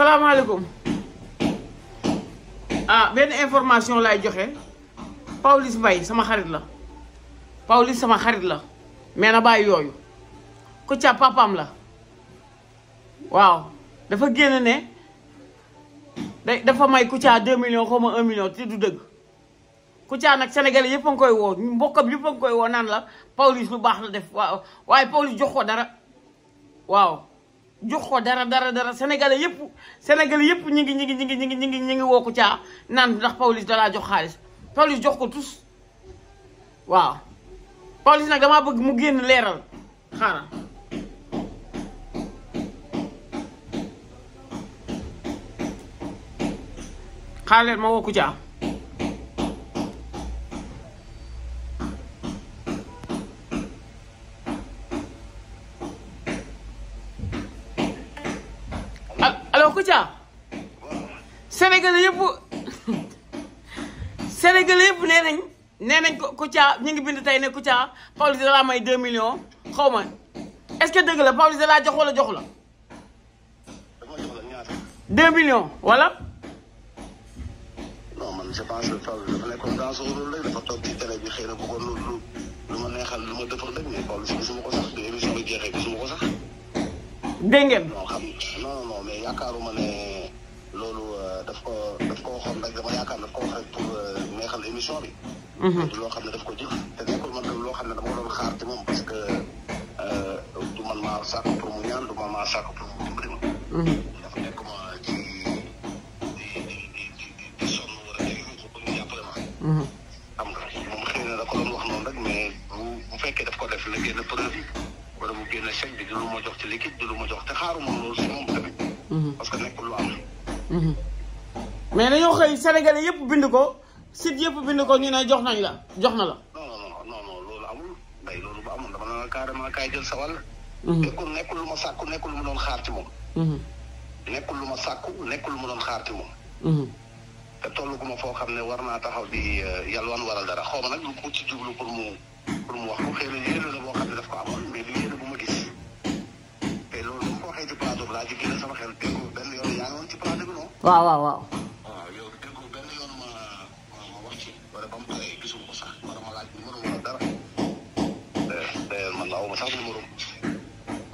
salaamaaleykum ah benn information lay joxe Pawlish Mbaye sama xarit la Pawlish sama xarit la mais na bàyyi yooyu Kouthia papaam la waaw dafa génn ne day dafa may Kouthia 2 millions xaw ma 1 million te du dëgg Kouthia nag sénégalais yëpp a ngi koy woo mbokkam yëpp ngi koy woo naan la Pawlish lu baax la def waaw waaye Pawlish jox ko dara waaw. jox ko dara dara dara sénégalais yëpp sénégalais yëpp ñi ngi ñi ngi ñi ngi ñi ngi ñi ngi ñi ngi woo ko caa naan ndax Pawlish dalaa jox xaalis Pawlish jox ko tous waaw Pawlish nag damaa bëgg mu génn leeral xaaral xaaral ma woo ko caa yow Kouthia Sénégalais yëpp Sénégalais yëpp nee nañ nee nañ ko Kouthia ñu ngi bind tey ne Kouthia Pawlish da may 2 millions xaw est-ce que dëgg la Pawlish da laa jox wala jox la. 2 millions wala. non man je pense dafa nekkoon dans son rôle dafa toog ci télé bi xëy na bëggoon lu lu lu ma neexal lu ma defal rek mais Pawlish gisuma ko sax bi émission ko sax. dégg yaakaaruma ne loolu daf ko daf ko waxoon rek dama yaakaar daf ko wax rek pour neexal émission bi. du loo xam ne daf ko jëf te nekkul man loo xam ne dama doon xaar ci moom parce que du man maa sàkk pour mu ñaan du man maa sàkk pour mu dimbali ma. dafa nekk ma ci di di di di sonn wala di di jàppale ma. xam nga moom xëy na da ko doon wax noonu rek mais bu bu fekkee daf ko def la génn preuve yi wala mu génn chèque bi du lu ma jox ci liquide du lu ma jox te xaaruma loolu si moom tamit. parce que nekkul lu am. Mhm. mais dañoo xëy sénégalais yëpp bind ko site yëpp bind ko ñu ne jox nañ la jox na la. non non non loolu amul day loolu ba amul dama ne la carrément kaay jël sa wàll. nekkul mhm. nekkul lu ma sàkku nekkul lu ma doon xaar ci moom. Mhm. nekkul lu ma sàkku nekkul lu ma doon xaar ci moom. te tollu gu ma foo xam ne war naa taxaw di euh, yalwaan waral dara xaw ma nag lu mu ci jublu pour mu pour mu wax ko xëy na yéene la boo xam ne daf ko amoon mais laa ci génne sama xel déggu benn yoon yaa ngi woon ci plateau bi noonu. waaw waaw waaw. waaw ah, yow déggu benn yoon ma ma wax ci wala ba mu paree gisuma ko sax wala ma laaj numéro wala dara. d'ailleurs eh, eh, man laa woo ma sax numéro.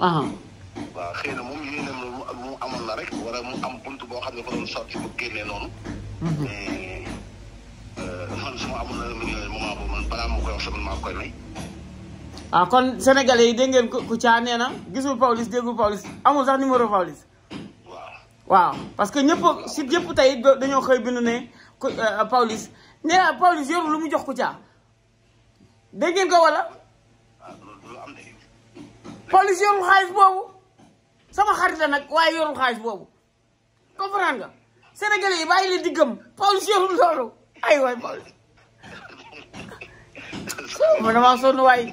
waaw xëy na moom yéenam la mu amoon la rek wala mu am bunt boo xam ne ko doon sorti bu génnee noonu. Mhm. mais euh, man su ma amoon la moment boobu man balaa ma koy wax sax man maa koy may. waaw ah, kon sénégalais yi dégg ngeen Kouthia nee na gisul Pawlish déggul Pawlish amul sax numéro Pawlish waaw parce que ñëpp si yëpp tey dañoo xëy bindu ne euh, Pawlish nee lu mu jox Kouthia dégg ngeen ko wala Pawlish yorul xaalis boobu sama xarit la nag waaye yorul xaalis boobu comprendre nga sénégalais yi bàyyi la di gëm Pawlish yorul loolu ay waay Pawlish man damaa sonn waay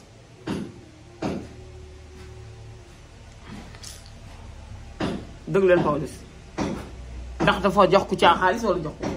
dëgg leen Pawlish ndax dafa jox ku caa xaalis wala jox ko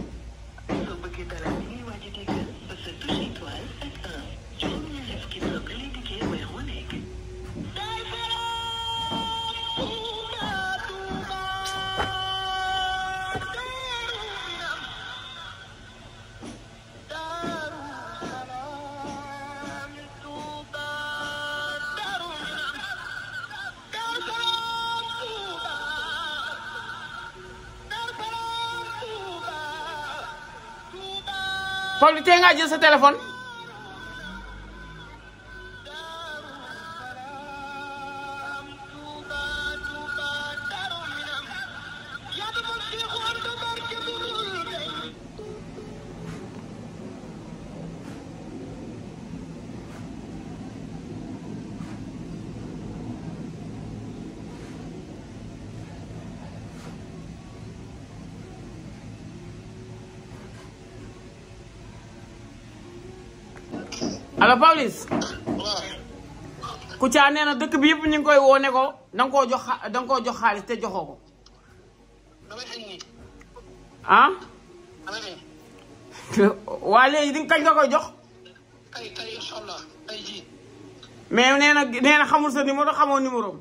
Pawlish tey ngaa jël sa téléphone. allo Pawlish Kouthia nee na dëkk bi yëpp ñu ngi koy woo ne ko da koo jox da koo jox xaalis te joxoo ko ah waa léegi di kañ nga jox mais nee na nee na xamul sa numéro xamoo numéro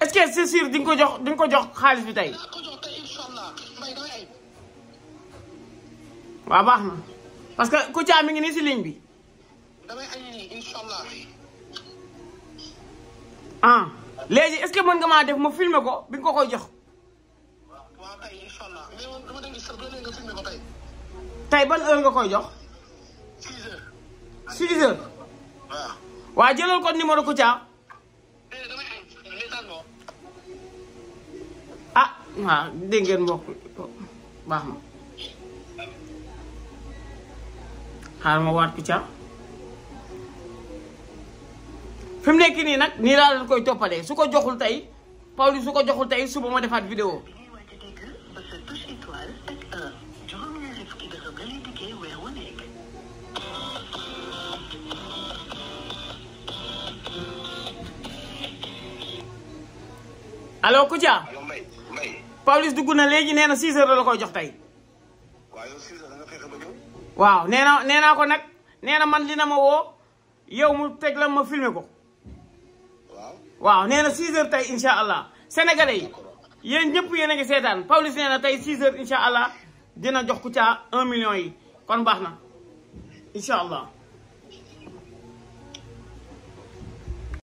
est-ce que c'est sûr di ko jox di ko jox xaalis bi tey waaw baax na parce que Kouthia mi ngi nii si ligne bi. ah léegi est-ce que mën nga maa def ma filmer ko bi nga ko koy jox. waaw kay nga koy jox. 6 heures. 6 heures. waaw. waa jëlal ko numéro Kouthia. Eh, ah waaw dégg ngeen baax na. xaaral ma waat picca fi mu nekk nii nag nii laa leen koy toppalee su ko joxul tey Pawlish su ko joxul tey suba ma defaat vidéo allo Kouthia Pawlish dugg na léegi nee na 6 heures la koy jox tey. waaw waaw nee na nee naa ko nag nee na man dina ma woo yow mu teg la ma filmer ko waaw nee na 6 heures tey incha allah sénégalais yi yéen ñëpp yéen a ngi seetaan Pawlish nee na tey 6 heures incha allah dina jox Kouthia 1 million yi kon baax na incha allah.